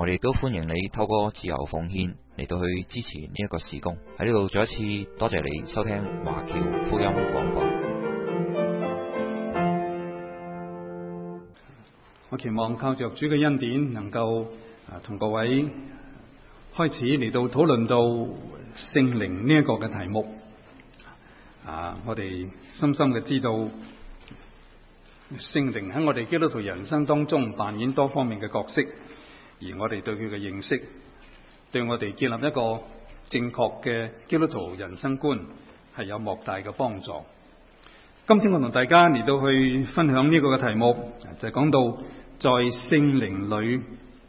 我哋都歡迎你透過自由奉獻嚟到去支持呢一個事工喺呢度。再一次多謝你收聽華僑福音廣播。我期望靠着主嘅恩典，能夠啊同各位開始嚟到討論到聖靈呢一個嘅題目啊！我哋深深嘅知道聖靈喺我哋基督徒人生當中扮演多方面嘅角色。而我哋對佢嘅認識，對我哋建立一個正確嘅基督徒人生觀，係有莫大嘅幫助。今天我同大家嚟到去分享呢個嘅題目，就係講到在聖靈裡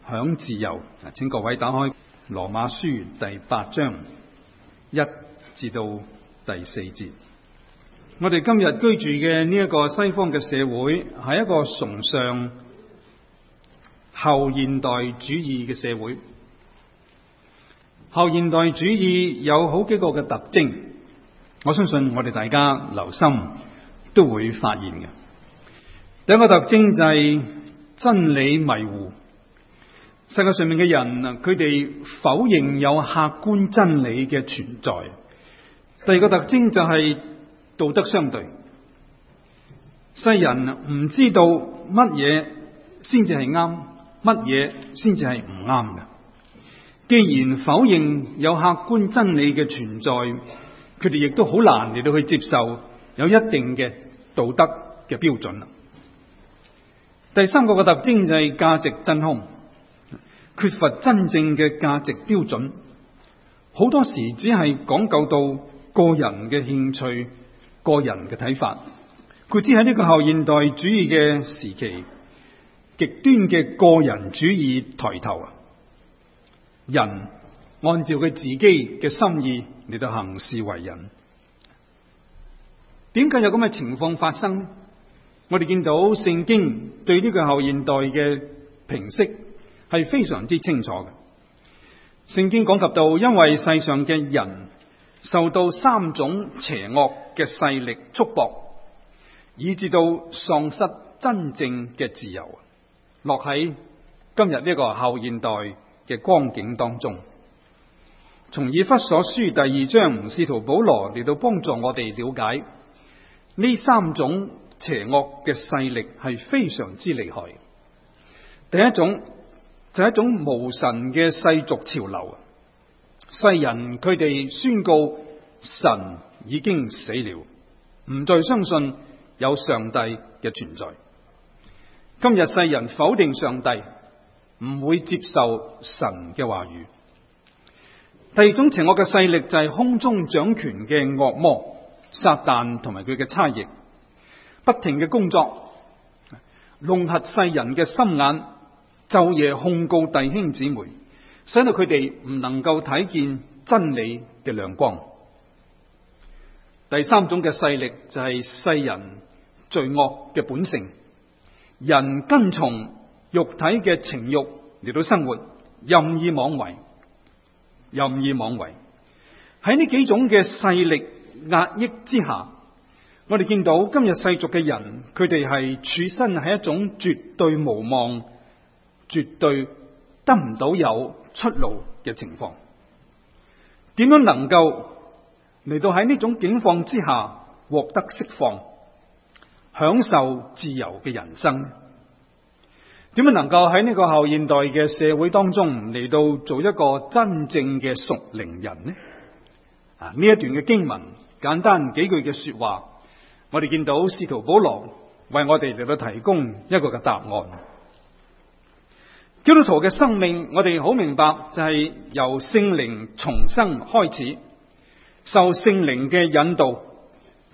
享自由。請各位打開《羅馬書》第八章一至到第四節。我哋今日居住嘅呢一個西方嘅社會，係一個崇尚後現代主義嘅社會，後現代主義有好幾個嘅特徵，我相信我哋大家留心都會發現嘅。第一個特徵就係真理迷糊，世界上面嘅人，佢哋否認有客觀真理嘅存在。第二個特徵就係道德相對，世人唔知道乜嘢先至係啱。乜嘢先至係唔啱嘅？既然否認有客觀真理嘅存在，佢哋亦都好難嚟到去接受有一定嘅道德嘅標準。第三個個特徵，就係價值真空，缺乏真正嘅價值標準，好多時只係講究到個人嘅興趣、個人嘅睇法。佢知喺呢個後現代主義嘅時期。極端嘅個人主義抬頭啊！人按照佢自己嘅心意嚟到行事為人，點解有咁嘅情況發生？我哋見到聖經對呢個後現代嘅評析係非常之清楚嘅。聖經講及到，因為世上嘅人受到三種邪惡嘅勢力束縛，以至到喪失真正嘅自由落喺今日呢個後現代嘅光景當中，從以弗所書第二章，使徒保羅嚟到幫助我哋了解呢三種邪惡嘅勢力係非常之厲害。第一種就係、是、一種無神嘅世俗潮流，世人佢哋宣告神已經死了，唔再相信有上帝嘅存在。今日世人否定上帝，唔會接受神嘅話語。第二種邪惡嘅勢力就係空中掌權嘅惡魔，撒但同埋佢嘅差役，不停嘅工作，籠合世人嘅心眼，晝夜控告弟兄姊妹，使到佢哋唔能夠睇見真理嘅亮光。第三種嘅勢力就係世人罪惡嘅本性。人跟從肉體嘅情欲嚟到生活，任意妄為，任意妄為。喺呢幾種嘅勢力壓抑之下，我哋見到今日世俗嘅人，佢哋係處身喺一種絕對無望、絕對得唔到有出路嘅情況。點樣能夠嚟到喺呢種境況之下獲得釋放？享受自由嘅人生，點樣能夠喺呢個後現代嘅社會當中嚟到做一個真正嘅屬靈人呢？啊，呢一段嘅經文簡單幾句嘅說話，我哋見到使徒保羅為我哋嚟到提供一個嘅答案。基督徒嘅生命，我哋好明白就係由聖靈重生開始，受聖靈嘅引導，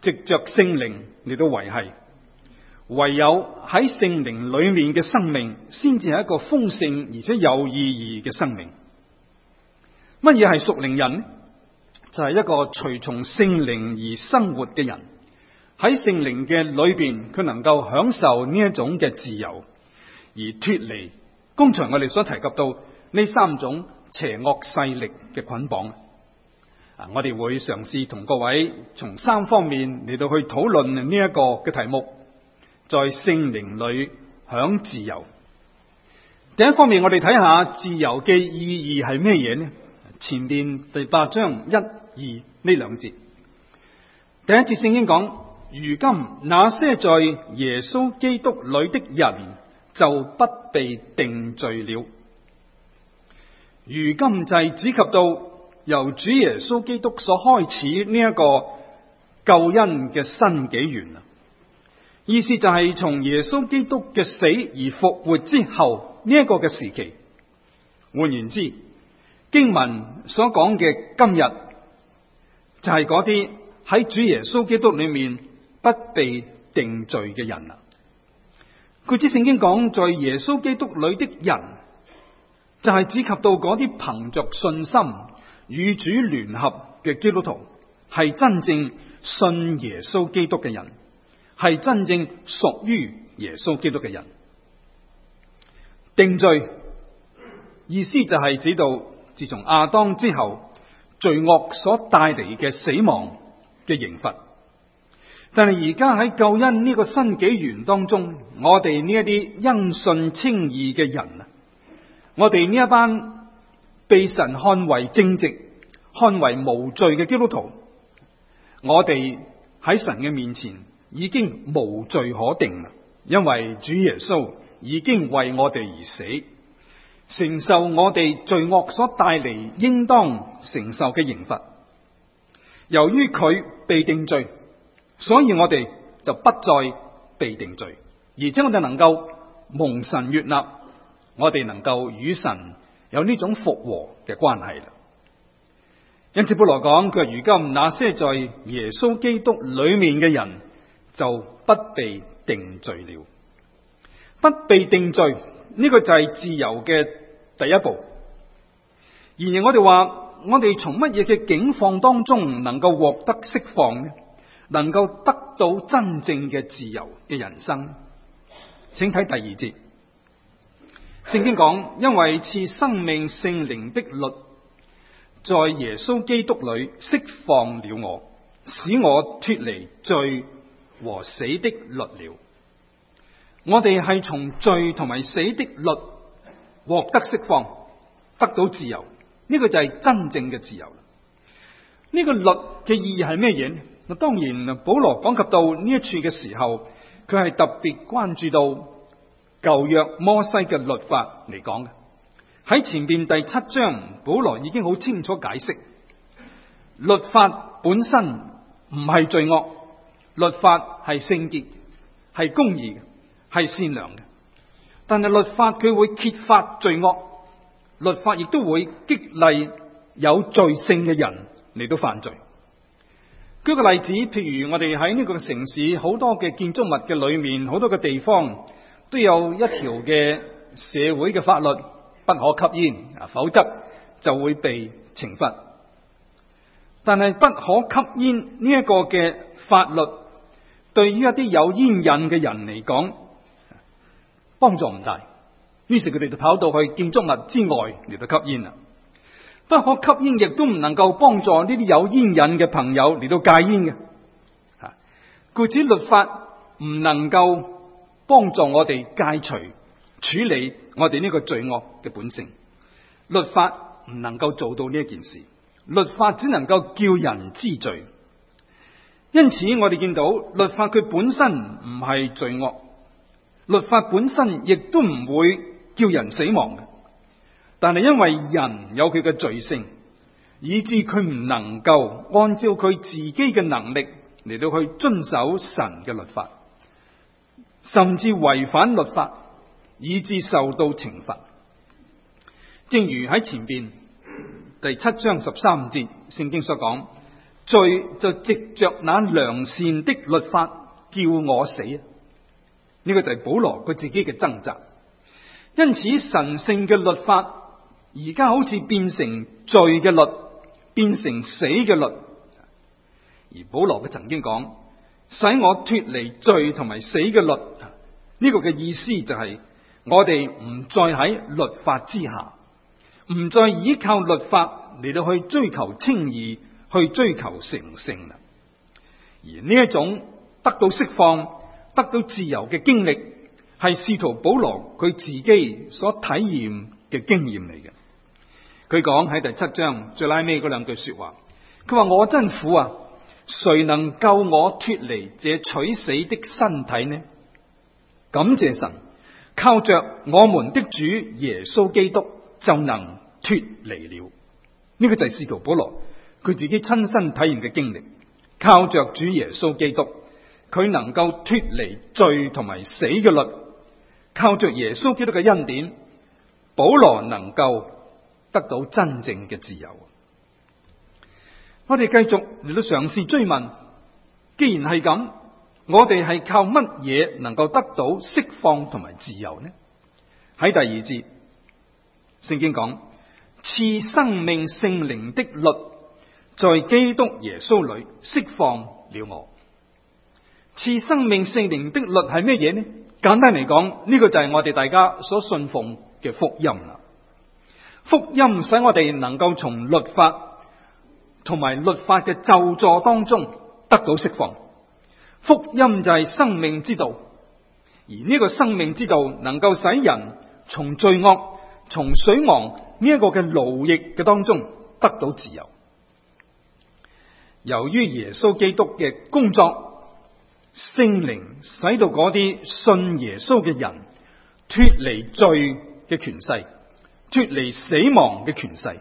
藉着聖靈嚟到維繫。唯有喺聖靈裡面嘅生命，先至係一個豐盛而且有意義嘅生命。乜嘢係屬靈人？就係、是、一個隨從聖靈而生活嘅人。喺聖靈嘅裡邊，佢能夠享受呢一種嘅自由，而脫離剛才我哋所提及到呢三種邪惡勢力嘅捆綁。啊，我哋會嘗試同各位從三方面嚟到去討論呢一個嘅題目。在聖靈裡享自由。第一方面，我哋睇下自由嘅意義係咩嘢呢？前面第八章一二呢兩節，第一節聖經講：如今那些在耶穌基督裡的人，就不被定罪了。如今就係指及到由主耶穌基督所開始呢一個救恩嘅新紀元。意思就係從耶穌基督嘅死而復活之後呢一個嘅時期，換言之，經文所講嘅今日就係嗰啲喺主耶穌基督裏面不被定罪嘅人啊！佢只聖經講，在耶穌基督裏的人，就係、是、指及到嗰啲憑着信心與主聯合嘅基督徒，係真正信耶穌基督嘅人。係真正屬於耶穌基督嘅人，定罪意思就係指到自從亞當之後罪惡所帶嚟嘅死亡嘅刑罰。但係而家喺救恩呢個新紀元當中，我哋呢一啲因信稱義嘅人啊，我哋呢一班被神看為正直、看為無罪嘅基督徒，我哋喺神嘅面前。已經無罪可定了，因為主耶穌已經為我哋而死，承受我哋罪惡所帶嚟、應當承受嘅刑罰。由於佢被定罪，所以我哋就不再被定罪，而且我哋能夠蒙神悅納，我哋能夠與神有呢種復和嘅關係。因此保羅說，保羅講佢，如今那些在耶穌基督裡面嘅人。就不被定罪了，不被定罪呢，這個就係自由嘅第一步。然而我哋話我哋從乜嘢嘅境況當中能夠獲得釋放呢？能夠得到真正嘅自由嘅人生，請睇第二節。聖經講，因為賜生命聖靈的律在耶穌基督裏釋放了我，使我脫離罪，和死的律了，我哋係從罪同埋死的律獲得釋放，得到自由。呢個就係真正嘅自由。呢個律嘅意義係咩嘢呢？當然，保羅講及到呢一處嘅時候，佢係特別關注到舊約摩西嘅律法嚟講嘅。喺前邊第七章，保羅已經好清楚解釋，律法本身唔係罪惡。律法係聖潔，係公義的，係善良嘅。但係律法佢會揭發罪惡，律法亦都會激勵有罪性嘅人嚟到犯罪。舉個例子，譬如我哋喺呢個城市，好多嘅建築物嘅裏面，好多嘅地方都有一條嘅社會嘅法律，不可吸煙，啊，否則就會被懲罰。但係不可吸煙呢一個嘅法律。對於一啲有煙癮嘅人嚟講，幫助唔大。於是佢哋就跑到去建築物之外嚟到吸煙啦。不可吸煙亦都唔能夠幫助呢啲有煙癮嘅朋友嚟到戒煙嘅。啊，故此律法唔能夠幫助我哋戒除處理我哋呢個罪惡嘅本性。律法唔能夠做到呢一件事，律法只能夠叫人知罪。因此我們看，我哋見到律法佢本身唔係罪惡，律法本身亦都唔會叫人死亡，但係因為人有佢嘅罪性，以致佢唔能夠按照佢自己嘅能力嚟到去遵守神嘅律法，甚至違反律法，以致受到懲罰。正如喺前邊第七章十三節聖經所講。罪就藉着那良善的律法叫我死啊！呢個就係保羅佢自己嘅掙扎。因此，神聖嘅律法而家好似變成罪嘅律，變成死嘅律。而保羅佢曾經講，使我脫離罪同埋死嘅律。呢個嘅意思就係我哋唔再喺律法之下，唔再依靠律法嚟到去追求清義。去追求成聖，啦，而呢一種得到釋放、得到自由嘅經歷，係使徒保羅佢自己所體驗嘅經驗嚟嘅。佢講喺第七章最拉尾嗰兩句說話，佢話：我真苦啊！誰能救我脱離這取死的身體呢？感謝神，靠着我們的主耶穌基督就能脱離了。呢、這個就係使徒保羅。佢自己親身體驗嘅經歷，靠着主耶穌基督，佢能夠脫離罪同埋死嘅律，靠着耶穌基督嘅恩典，保羅能夠得到真正嘅自由。我哋繼續嚟到嘗試追問：既然係咁，我哋係靠乜嘢能夠得到釋放同埋自由呢？喺第二節，聖經講賜生命聖靈的律。在基督耶穌裡釋放了我。賜生命聖靈的律係咩嘢呢？簡單嚟講，呢、這個就係我哋大家所信奉嘅福音啦。福音使我哋能夠從律法同埋律法嘅咒詛當中得到釋放。福音就係生命之道，而呢個生命之道能夠使人從罪惡、從死亡呢一個嘅奴役嘅當中得到自由。由於耶穌基督嘅工作，聖靈使到嗰啲信耶穌嘅人脫離罪嘅權勢，脫離死亡嘅權勢。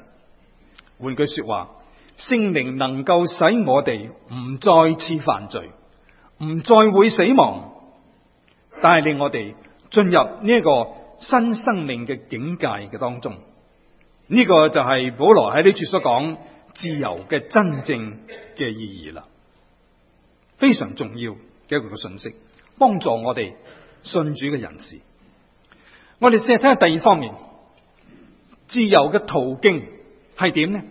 換句說話，聖靈能夠使我哋唔再次犯罪，唔再會死亡，帶領我哋進入呢一個新生命嘅境界嘅當中。呢、這個就係保羅喺呢處所講。自由嘅真正嘅意義啦，非常重要嘅一個信息，幫助我哋信主嘅人士。我哋試下睇下第二方面，自由嘅途徑係點呢？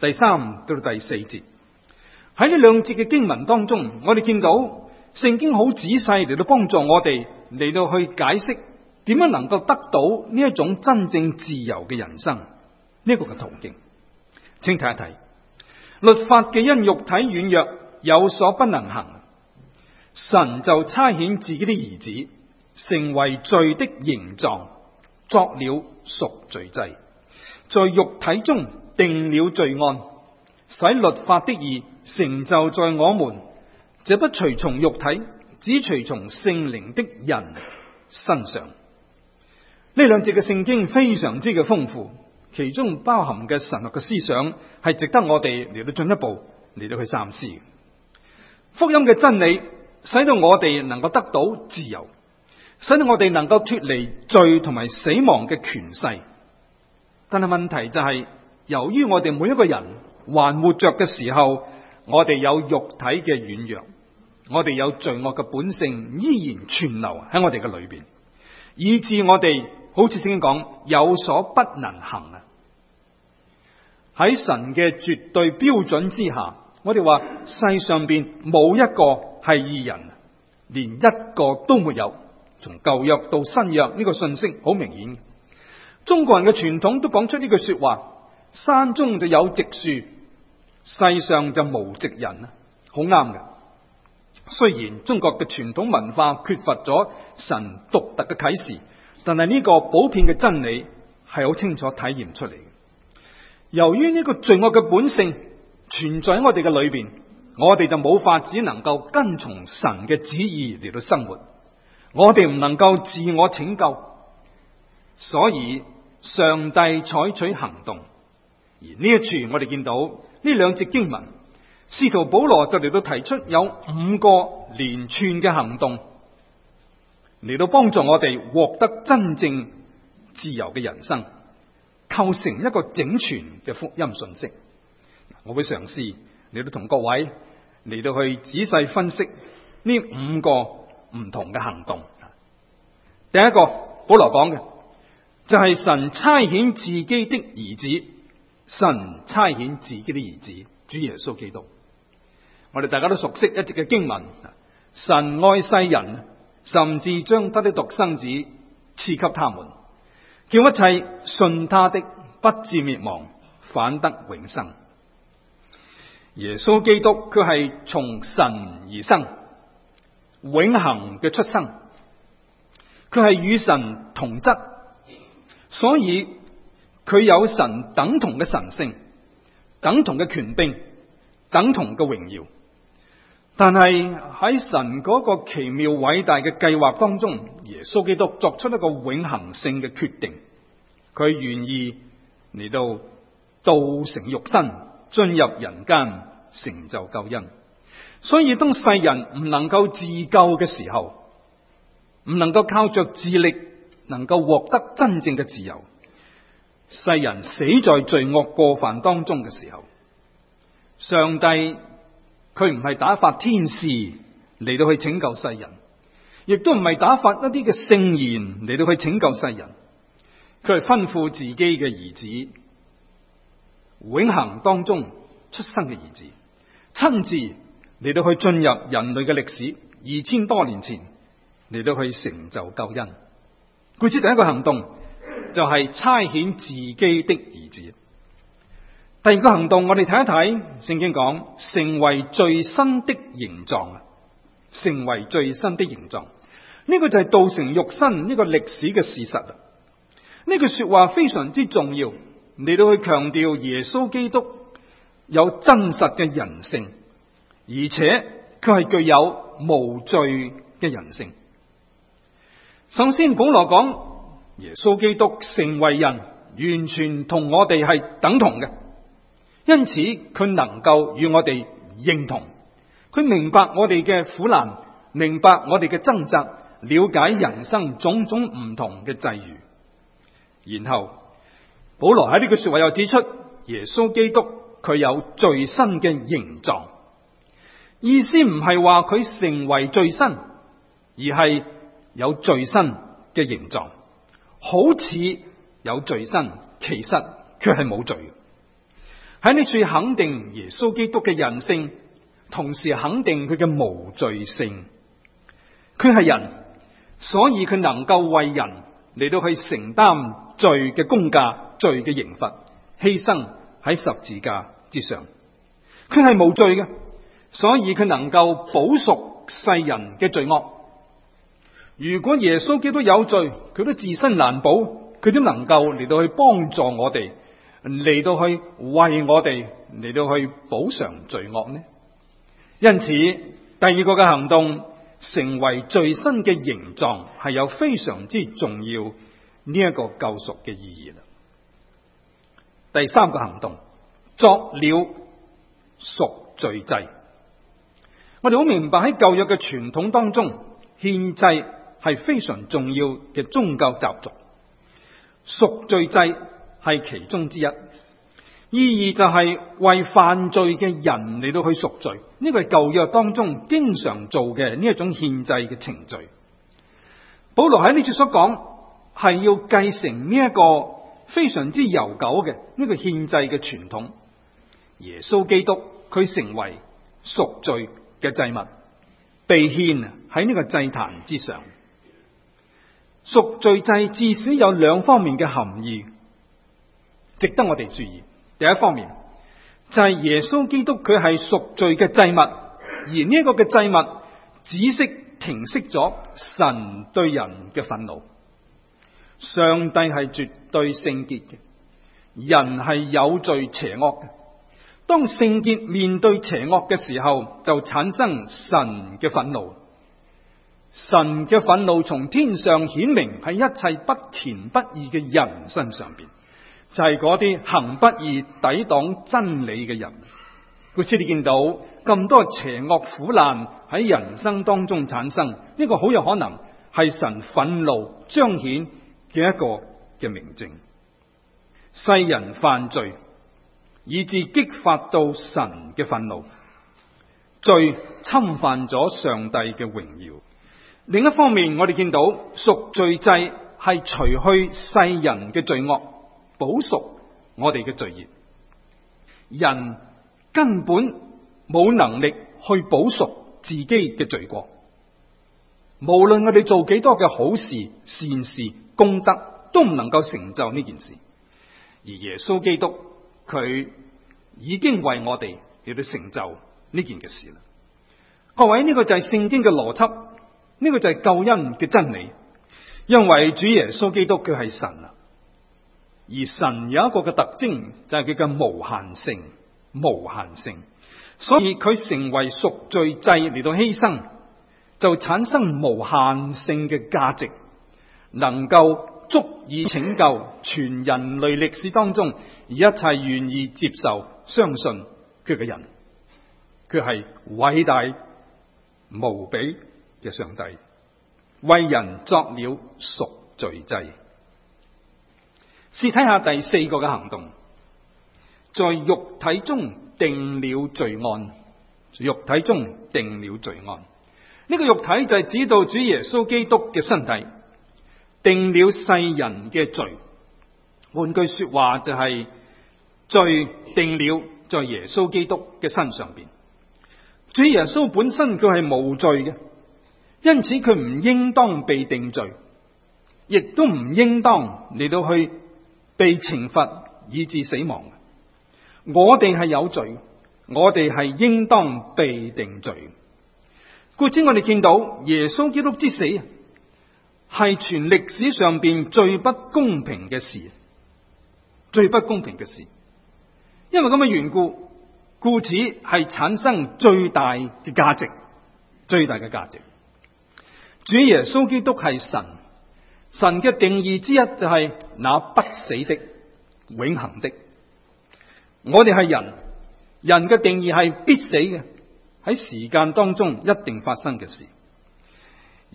第三到第四節，喺呢兩節嘅經文當中，我哋見到聖經好仔細嚟到幫助我哋嚟到去解釋點樣能夠得到呢一種真正自由嘅人生呢一個嘅途徑。請睇一睇律法嘅，因肉體軟弱有所不能行，神就差遣自己的兒子成為罪的形狀，作了贖罪祭，在肉體中定了罪案，使律法的義成就在我們這不隨從肉體只隨從聖靈的人身上。呢兩節嘅聖經非常之嘅豐富。其中包含嘅神學嘅思想係值得我哋嚟到進一步嚟到去三思的。福音嘅真理使到我哋能夠得到自由，使到我哋能夠脫離罪同埋死亡嘅權勢。但係問題就係、是，由於我哋每一個人還活着嘅時候，我哋有肉體嘅軟弱，我哋有罪惡嘅本性依然存留喺我哋嘅裏邊，以致我哋。好似聖經講有所不能行啊！喺神嘅絕對標準之下，我哋話世上邊冇一個係義人，連一個都沒有。從舊約到新約呢個信息，好明顯。中國人嘅傳統都講出呢句說話：山中就有直樹，世上就無直人啊！好啱㗎。雖然中國嘅傳統文化缺乏咗神獨特嘅啟示。但係呢個普遍嘅真理係好清楚體現出嚟。由於呢個罪惡嘅本性存在喺我哋嘅裏邊，我哋就冇法只能夠跟從神嘅旨意嚟到生活。我哋唔能夠自我拯救，所以上帝採取行動。而呢一次，我哋見到呢兩節經文，司徒保羅就嚟到提出有五個連串嘅行動。嚟到幫助我哋獲得真正自由嘅人生，構成一個整全嘅福音信息。我會嘗試嚟到同各位嚟到去仔細分析呢五個唔同嘅行動。第一個，保羅講嘅就係、是、神差遣自己的兒子，神差遣自己的兒子，主耶穌基督。我哋大家都熟悉一節嘅經文，神愛世人。甚至將他的獨生子賜給他們，叫一切信他的不至滅亡，反得永生。耶穌基督佢係從神而生，永恆嘅出生，佢係與神同質，所以佢有神等同嘅神性，等同嘅權柄，等同嘅榮耀。但係喺神嗰個奇妙偉大嘅計劃當中，耶穌基督作出一個永恒性嘅決定，佢願意嚟到道成肉身，進入人間，成就救恩。所以當世人唔能夠自救嘅時候，唔能夠靠着自力能夠獲得真正嘅自由，世人死在罪惡過犯當中嘅時候，上帝。佢唔係打發天使嚟到去拯救世人，亦都唔係打發一啲嘅聖賢嚟到去拯救世人。佢係吩咐自己嘅兒子，永恒當中出生嘅兒子，親自嚟到去進入人類嘅歷史。二千多年前嚟到去成就救恩。佢之第一個行動就係差遣自己的兒子。第二個行動我們看看，我哋睇一睇聖經講，成為罪身的形狀，成為罪身的形狀呢個就係道成肉身呢個歷史嘅事實啦。呢句說話，非常之重要嚟到去強調耶穌基督有真實嘅人性，而且佢係具有無罪嘅人性。首先，保羅講耶穌基督成為人，完全同我哋係等同嘅。因此佢能夠與我哋認同，佢明白我哋嘅苦難，明白我哋嘅掙扎，了解人生種種唔同嘅際遇。然後保羅喺呢句說話又指出，耶穌基督佢有罪身嘅形狀，意思唔係話佢成為罪身，而係有罪身嘅形狀，好似有罪身，其實卻係冇罪。喺呢處肯定耶穌基督嘅人性，同時肯定佢嘅無罪性。佢係人，所以佢能夠為人嚟到去承擔罪嘅工價、罪嘅刑罰，犧牲喺十字架之上。佢係無罪嘅，所以佢能夠保贖世人嘅罪惡。如果耶穌基督有罪，佢都自身難保，佢都能夠嚟到去幫助我哋。嚟到去為我哋嚟到去補償罪惡呢？因此第二個嘅行動成為最新嘅形狀，係有非常之重要呢一個救贖嘅意義啦。第三個行動作了贖罪祭。我哋好明白喺舊約嘅傳統當中，獻祭係非常重要嘅宗教習俗贖罪祭。係其中之一，意義就係為犯罪嘅人嚟到去贖罪。呢個係舊約當中經常做嘅呢一種獻祭嘅程序。保羅喺呢處所講係要繼承呢一個非常之悠久嘅呢個獻祭嘅傳統。耶穌基督佢成為贖罪嘅祭物，被獻喺呢個祭壇之上。贖罪祭至少有兩方面嘅含義。值得我哋注意。第一方面就係耶穌基督佢係贖罪嘅祭物，而呢個嘅祭物只識停息咗神對人嘅憤怒。上帝係絕對聖潔嘅，人係有罪邪惡嘅。當聖潔面對邪惡嘅時候，就產生神嘅憤怒。神嘅憤怒從天上顯明喺一切不虔不義嘅人身上邊，就係嗰啲行不義抵擋真理嘅人，佢先你見到咁多邪惡苦難喺人生當中產生，呢、這個好有可能係神憤怒彰顯嘅一個嘅明證。世人犯罪，以至激發到神嘅憤怒，罪侵犯咗上帝嘅榮耀。另一方面，我哋見到贖罪制係除去世人嘅罪惡。補贖我哋嘅罪孽，人根本冇能力去補贖自己嘅罪過。無論我哋做幾多嘅好事、善事、功德，都唔能夠成就呢件事。而耶穌基督佢已經為我哋嚟到成就呢件嘅事啦。各位，呢個就係聖經嘅邏輯，呢個就係救恩嘅真理。因為主耶穌基督佢係神啊。而神有一個嘅特徵，就係佢嘅無限性，無限性。所以佢成為贖罪祭嚟到犧牲，就產生無限性嘅價值，能夠足以拯救全人類歷史當中一切願意接受、相信佢嘅人。佢係偉大無比嘅上帝，為人作了贖罪祭。試睇下第四個嘅行動，在肉體中定了罪案，肉體中定了罪案。呢、這個肉體就係指到主耶穌基督嘅身體，定了世人嘅罪。換句說話就係、是、罪定了在耶穌基督嘅身上邊。主耶穌本身佢係無罪嘅，因此佢唔應當被定罪，亦都唔應當嚟到去。被懲罰以致死亡，我哋係有罪，我哋係應當被定罪。故此，我哋見到耶穌基督之死，係全歷史上邊最不公平嘅事，最不公平嘅事。因為咁嘅緣故，故此係產生最大嘅價值，最大嘅價值。主耶穌基督係神。神嘅定義之一就係那不死的，永恆的。我哋係人，人嘅定義係必死嘅，喺時間當中一定發生嘅事。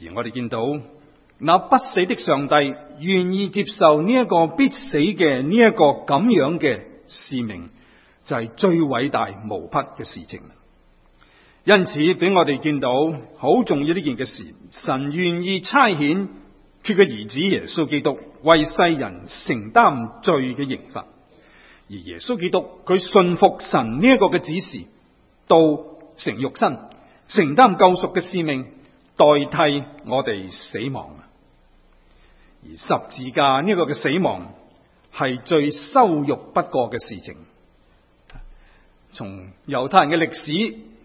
而我哋見到那不死的上帝願意接受呢一個必死嘅呢一個咁樣嘅使命，就係最偉大無匹嘅事情。因此，俾我哋見到好重要呢件嘅事，神願意差遣。佢嘅兒子耶穌基督為世人承擔罪嘅刑罰，而耶穌基督佢信服神呢一個嘅指示，道成肉身承擔救贖嘅使命，代替我哋死亡。而十字架呢個個嘅死亡係最羞辱不過嘅事情。從猶太人嘅歷史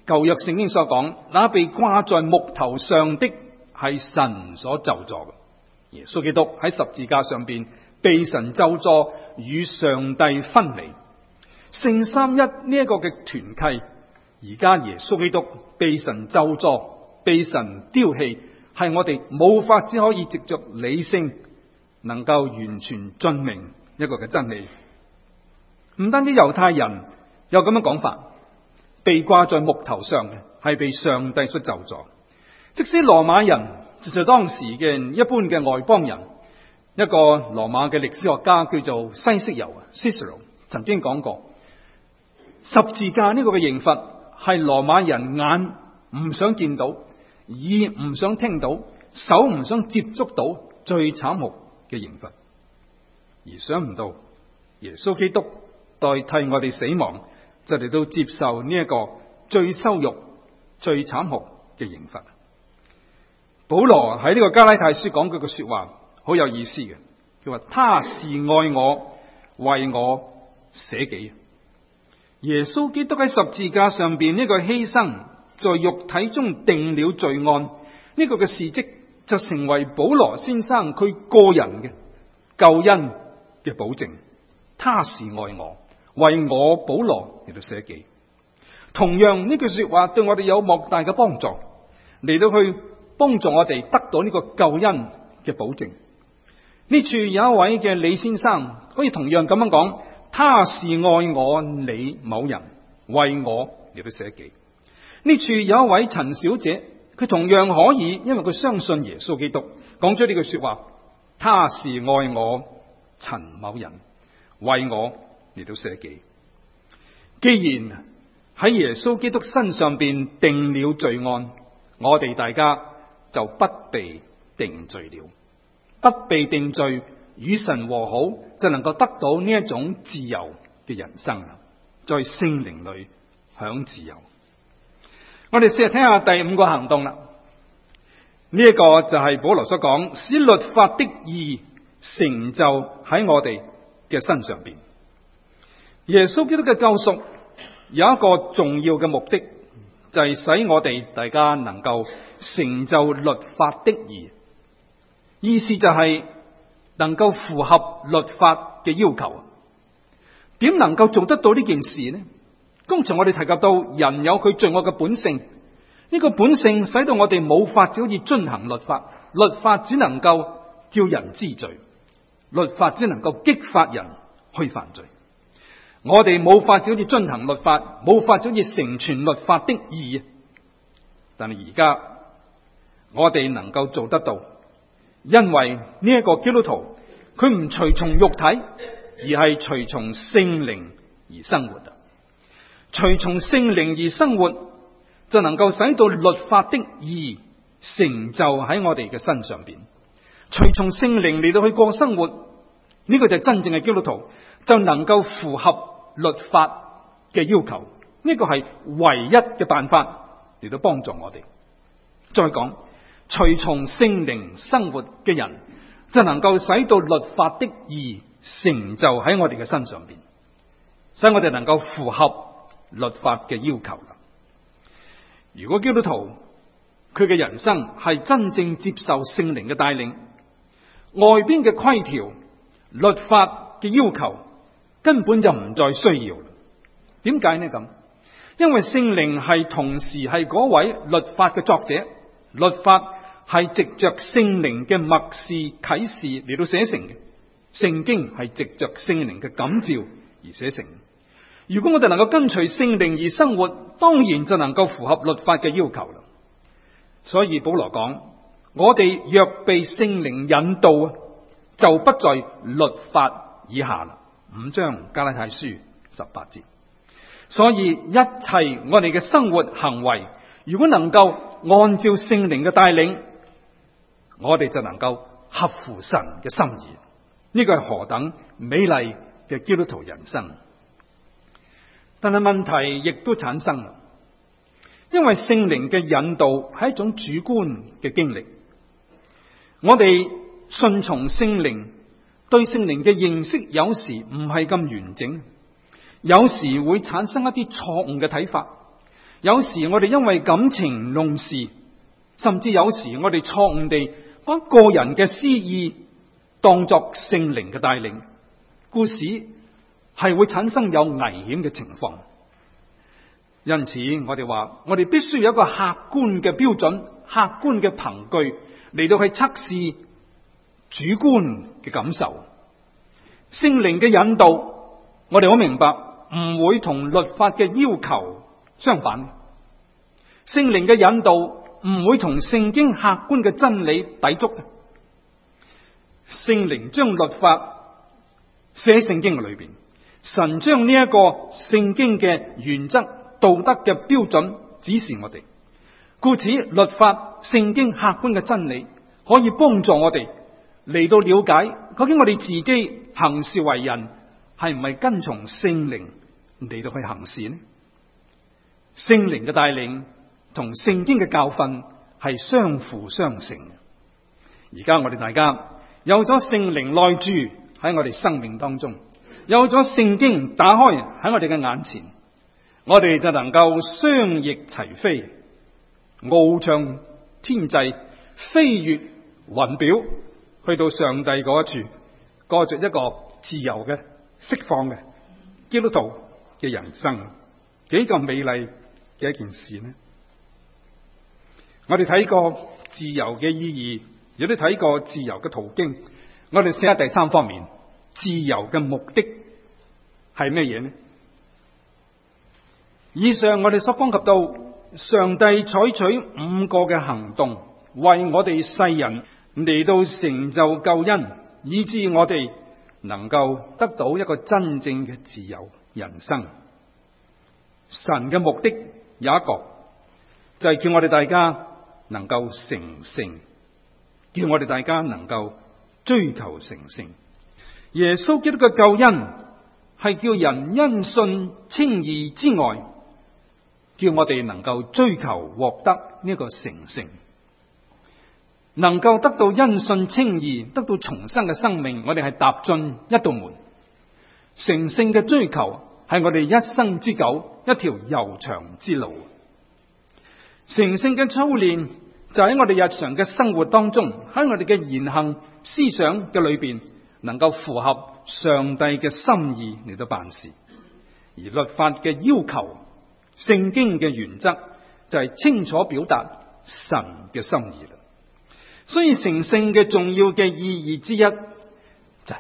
舊約聖經所講，那被掛在木頭上的係神所咒詛嘅。耶穌基督喺十字架上邊被神咒詛，與上帝分離，聖三一呢一個嘅團契，而家耶穌基督被神咒詛、被神丟棄，係我哋冇法子可以藉着理性能夠完全盡明一個嘅真理。唔單止猶太人有咁樣講法，被掛在木頭上嘅係被上帝所咒詛，即使羅馬人。就在當時嘅一般嘅外邦人，一個羅馬嘅歷史學家叫做西塞羅啊，Cicero 曾經講過十字架呢個嘅刑罰係羅馬人眼唔想見到，耳唔想聽到，手唔想接觸到最慘酷嘅刑罰，而想唔到耶穌基督代替我哋死亡，就嚟到接受呢一個最羞辱、最慘酷嘅刑罰。保羅喺呢個加拉太書講佢嘅說的句話好有意思嘅，佢話他是愛我為我捨己。耶穌基督喺十字架上面呢個犧牲，在肉體中定了罪案，呢、這個嘅事跡就成為保羅先生佢個人嘅救恩嘅保證。他是愛我為我保羅嚟到捨己，同樣呢句說話對我哋有莫大嘅幫助嚟到去。幫助我哋得到呢個救恩嘅保證。呢處有一位嘅李先生可以同樣咁樣講，他是愛我李某人為我嚟到寫記。呢處有一位陳小姐，佢同樣可以，因為佢相信耶穌基督，講咗呢句說話，他是愛我陳某人為我嚟到寫記。既然喺耶穌基督身上邊定了罪案，我哋大家。就不被定罪了，不被定罪，與神和好，就能夠得到呢一種自由嘅人生啦，在聖靈裏享自由。我哋試下聽下第五個行動啦，呢一個就係保羅所講，使律法的義成就喺我哋嘅身上邊。耶穌基督嘅救贖有一個重要嘅目的。就係使我哋大家能夠成就律法的義，意思就係能夠符合律法嘅要求。點能夠做得到呢件事呢？剛才我哋提及到，人有佢罪惡嘅本性，呢個本性使到我哋冇法子可以遵行律法，律法只能夠叫人知罪，律法只能夠激發人去犯罪。我哋冇法子好似遵行律法，冇法子好似成全律法的義。但係而家我哋能夠做得到，因為呢一個基督徒佢唔隨從肉體，而係隨從聖靈而生活。隨從聖靈而生活就能夠使到律法的義成就喺我哋嘅身上邊。隨從聖靈嚟到去過生活。呢個就係真正嘅基督徒，就能夠符合律法嘅要求。呢個係唯一嘅辦法嚟到幫助我哋。再講，隨從聖靈生活嘅人，就能夠使到律法的義成就喺我哋嘅身上邊，所以我哋能夠符合律法嘅要求啦。如果基督徒佢嘅人生係真正接受聖靈嘅帶領，外邊嘅規條。律法嘅要求根本就唔再需要了，點解呢？咁因為聖靈係同時係嗰位律法嘅作者，律法係藉着聖靈嘅默示啟示嚟到寫成嘅，聖經係藉着聖靈嘅感召而寫成的。如果我哋能夠跟隨聖靈而生活，當然就能夠符合律法嘅要求啦。所以保羅講：我哋若被聖靈引導啊！就不在律法以下啦。五章加拉太書十八節，所以一切我哋嘅生活行為，如果能夠按照聖靈嘅帶領，我哋就能夠合乎神嘅心意。呢個係何等美麗嘅基督徒人生！但係問題亦都產生啦，因為聖靈嘅引導係一種主觀嘅經歷，我哋。順從聖靈，對聖靈嘅認識有時唔係咁完整，有時會產生一啲錯誤嘅睇法。有時我哋因為感情弄事，甚至有時我哋錯誤地把個人嘅私意當作聖靈嘅帶領，故此係會產生有危險嘅情況。因此我們說，我哋話我哋必須有一個客觀嘅標準、客觀嘅憑據嚟到去測試。主觀嘅感受，聖靈嘅引導，我哋好明白，唔會同律法嘅要求相反。聖靈嘅引導唔會同聖經客觀嘅真理抵觸。聖靈將律法寫喺聖經嘅裏邊，神將呢一個聖經嘅原則、道德嘅標準指示我哋，故此，律法、聖經客觀嘅真理可以幫助我哋。嚟到了解，究竟我哋自己行事為人係唔係跟從聖靈嚟到去行事呢？聖靈嘅帶領同聖經嘅教訓係相輔相成嘅。而家我哋大家有咗聖靈內住喺我哋生命當中，有咗聖經打開喺我哋嘅眼前，我哋就能夠雙翼齊飛，翱翔天際，飛越雲表。去到上帝嗰一處，過着一個自由嘅、釋放嘅基督徒嘅人生，幾咁美麗嘅一件事呢？我哋睇過自由嘅意義，亦都睇過自由嘅途徑，我哋試下第三方面，自由嘅目的係咩嘢呢？以上我哋所提及到，上帝採取五個嘅行動，為我哋世人。嚟到成就救恩，以致我哋能夠得到一個真正嘅自由人生。神嘅目的有一個，就係叫我哋大家能夠成聖，叫我哋大家能夠追求成聖。耶穌基督嘅救恩，係叫人因信稱義之外，叫我哋能夠追求獲得呢個成聖。能夠得到因信稱義，得到重生嘅生命，我哋係踏進一道門。成聖嘅追求係我哋一生之久，一條悠長之路。成聖嘅操練就喺我哋日常嘅生活當中，喺我哋嘅言行思想嘅裏邊，能夠符合上帝嘅心意嚟到辦事。而律法嘅要求、聖經嘅原則就係、是、清楚表達神嘅心意所以，成聖嘅重要嘅意義之一，就係、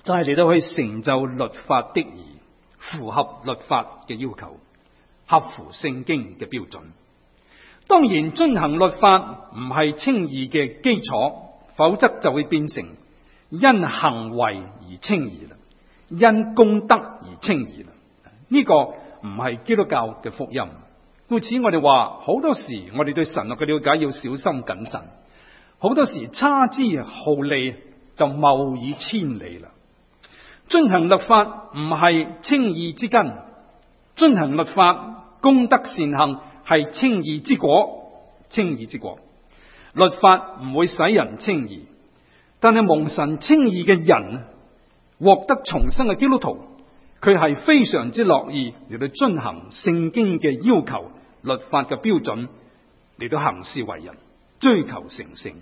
是就是、你都可以成就律法的義，而符合律法嘅要求，合乎聖經嘅標準。當然，遵行律法唔係稱義嘅基礎，否則就會變成因行為而稱義啦，因功德而稱義啦。呢、這個唔係基督教嘅福音，故此我哋話好多時，我哋對神學嘅了解要小心謹慎。好多時差之毫厘就謬以千里啦。遵行律法唔係稱義之根，遵行律法功德善行係稱義之果，稱義之果。律法唔會使人稱義，但係蒙神稱義嘅人，獲得重生嘅基督徒，佢係非常之樂意嚟到遵行聖經嘅要求、律法嘅標準嚟到行事為人，追求成聖。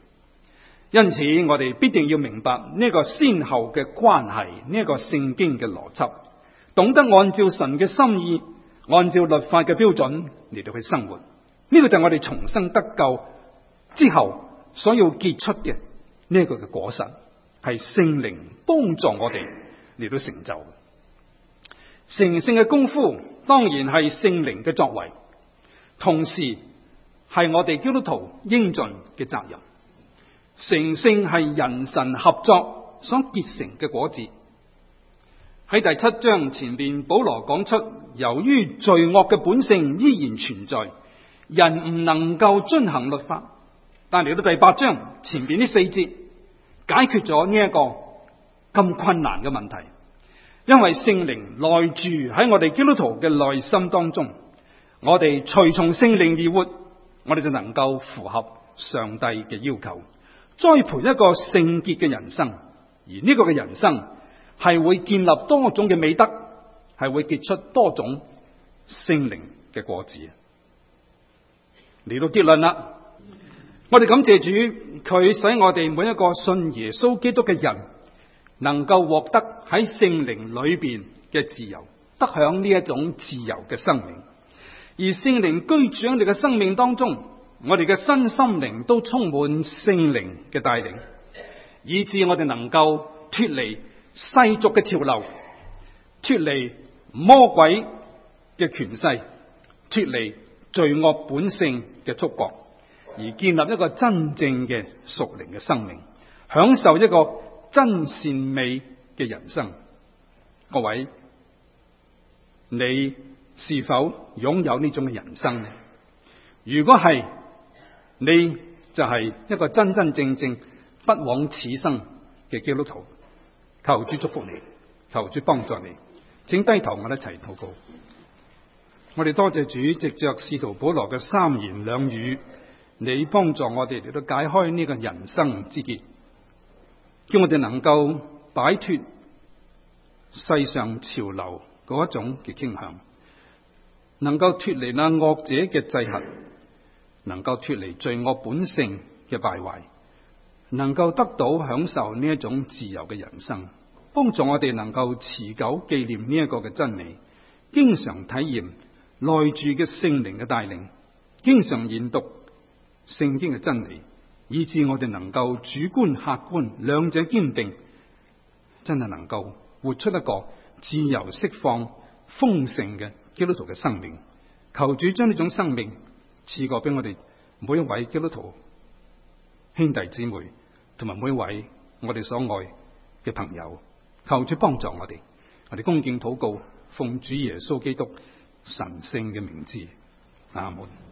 因此，我哋必定要明白呢個先後嘅關係，呢個聖經嘅邏輯，懂得按照神嘅心意，按照律法嘅標準嚟到去生活。呢個就係我哋重生得救之後，所要結出嘅呢個嘅果實，係聖靈幫助我哋嚟到成就嘅。成聖嘅功夫當然係聖靈嘅作為，同時係我哋基督徒應盡嘅責任。成聖係人神合作所結成嘅果子。喺第七章前邊，保羅講出，由於罪惡嘅本性依然存在，人唔能夠遵行律法。但嚟到第八章前邊呢四節，解決咗呢一個咁困難嘅問題，因為聖靈內住喺我哋基督徒嘅內心當中，我哋隨從聖靈而活，我哋就能夠符合上帝嘅要求。栽培一個聖潔嘅人生，而呢個嘅人生係會建立多種嘅美德，係會結出多種聖靈嘅果子。嚟到結論啦，我哋感謝主，佢使我哋每一個信耶穌基督嘅人，能夠獲得喺聖靈裏邊嘅自由，得享呢一種自由嘅生命，而聖靈居住喺你嘅生命當中。我哋嘅身心靈都充滿聖靈嘅帶領，以致我哋能夠脫離世俗嘅潮流，脫離魔鬼嘅權勢，脫離罪惡本性嘅束縛，而建立一個真正嘅屬靈嘅生命，享受一個真善美嘅人生。各位，你是否擁有呢種嘅人生呢？如果係，你就係一個真真正正不枉此生嘅基督徒，求主祝福你，求主幫助你，請低頭我哋一齊禱告。我哋多謝主藉着使徒保羅嘅三言兩語，你幫助我哋嚟到解開呢個人生之結，叫我哋能夠擺脫世上潮流嗰一種嘅傾向，能夠脫離那惡者嘅制衡。能夠脫離罪惡本性嘅敗壞，能夠得到享受呢一種自由嘅人生，幫助我哋能夠持久紀念呢一個嘅真理，經常體驗內住嘅聖靈嘅帶領，經常研讀聖經嘅真理，以致我哋能夠主觀客觀兩者堅定，真係能夠活出一個自由釋放豐盛嘅基督徒嘅生命。求主將呢種生命。賜過俾我哋每一位基督徒兄弟姊妹，同埋每一位我哋所愛嘅朋友，求主幫助我哋，我哋恭敬禱告，奉主耶穌基督神聖嘅名字，阿門。